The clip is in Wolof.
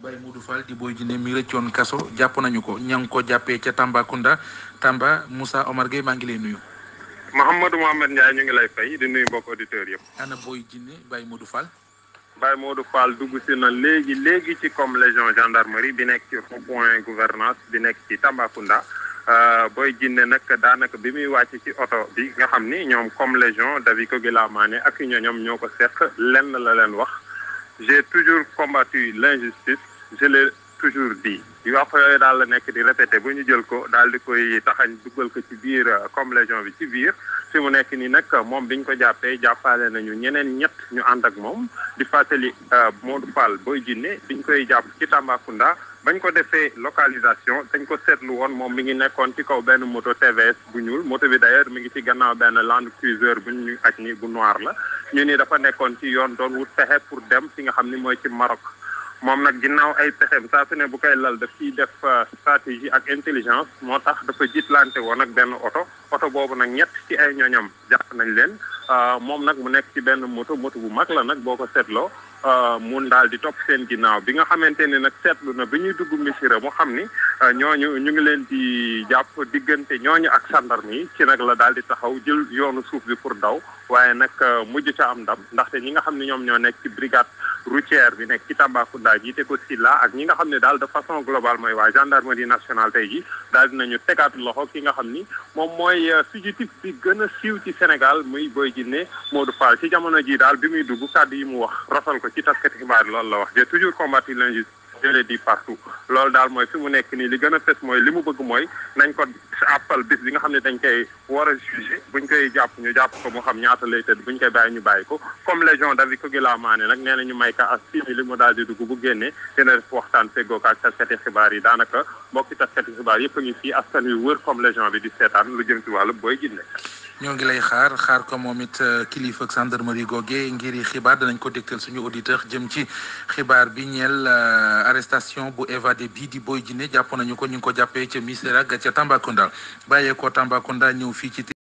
Baye Modou Fall di Boy Djiné mi rëccoon kaso jàpp nañu ko ña ngi ko jàppee ca Tambacounda Tamba musa Omar Gueye maa ngi lay nuyu. Mouhamadou Mohamed Ndiaye ñu ngi lay fay di nuyu mbokk auditeurs yëpp. ana booy Djiné Baye modu Fall. Baye Modou Fall dugg si na léegi léegi ci comme légion gendarmerie bi nekk ci rond point gouvernance bi nekk ci Tambacounda. Euh, booy Djiné nag daanaka bi muy wàcc ci oto bi nga xam ni ñoom comme légion David la Mané ak ñoom ñoo ko seq lenn la leen wax. j'ai toujours combattu l'injustice je l'ai toujours dit wax yooyu daal la nekk di répété bu ñu jël ko daal di koy taxañ dugal ko ci biir euh, comme légion bi ci biir fi mu nekk nii nag euh, moom biñ ko jàppee jàppale nañu ñeneen ñett ñu ànd ak moom di fàttali euh, Modou Fall booy jinne biñ koy jàpp ci Tambacounda bañ ko defee localisation dañ ko seetlu woon moom mi ngi nekkoon ci kaw benn moto TVS bu ñuul moto bi d'ailleurs mi ngi ci gannaaw benn Land Cruiser bu ñu aj ni bu noir la ñu nii dafa nekkoon ci yoon doon wut pexe pour dem fi nga xam ni mooy ci Maroc moom nag ginnaaw ay pexeem saa su ne bu koy lal daf ciy def euh, stratégie ak intelligence moo tax dafa jiitlante woon ak benn oto oto boobu nag ñett ci ay ñoñam jàpp nañ leen euh, moom nag mu nekk ci benn moto moto bu mag la nag boo ko seetloo Euh, mun daal di topp seen ginnaaw bi nga xamante ne nag seetlu na bi ñuy dugg Missirah mu xam ni euh, ñooñu ñu ngi leen di jàpp diggante ñooñu ak gendarme yi ci nag la daal di taxaw jël yoonu suuf bi pour daw waaye nag euh, mujj ca am ndam ndaxte ñi nga xam ne ñoom ñoo nekk ci brigade routière bi nekk ci Tambacounda jiite ko Silla ak ñi nga xam ne daal de façon globale mooy waa gendarmerie nationale tey ji daal dinañu tegaat loxo ki nga xam ni moom mooy euh, fugitif bi gën a siiw ci Sénégal muy Boy Djiné Modou Fall ci jamono ji daal bi muy dugg kàddu yi mu wax rafal ko ci taskati xibaar lool la wax de toujours combattre l'injustice di partout loolu daal mooy fi mu nekk nii li gën a fes mooy li mu bëgg mooy nañ ko àppal bis bi nga xam ne dañ koy war a jugé buñ koy jàpp ñu jàpp ko moo xam ñaata lay tëdd buñ koy bàyyi ñu bàyyi ko comme légion David Kogila Mané nag nee na ñu may ka ak six mille mu daal di dugg bu génnee dina def waxtaan feggoo ak taskati xibaar yi daanaka mbokki taskati xibaar yëpp a ngi fii askan wi wër comme légion bi di seetaan lu jëm ci wàllu booy jinne ñoo ngi lay xaar xaar ko moom it euh, kilifa ak gendarmerie googe ngir xibaar danañ ko dégtal suñu auditeur jëm ci xibaar bi ñeel euh, arestation bu évadé bii di booy Djiné jàpp nañu ko ñu ngi ko jàppee ca Missirah ca Tambacounda bàyyeekoo Tambacounda ñëw fii ci.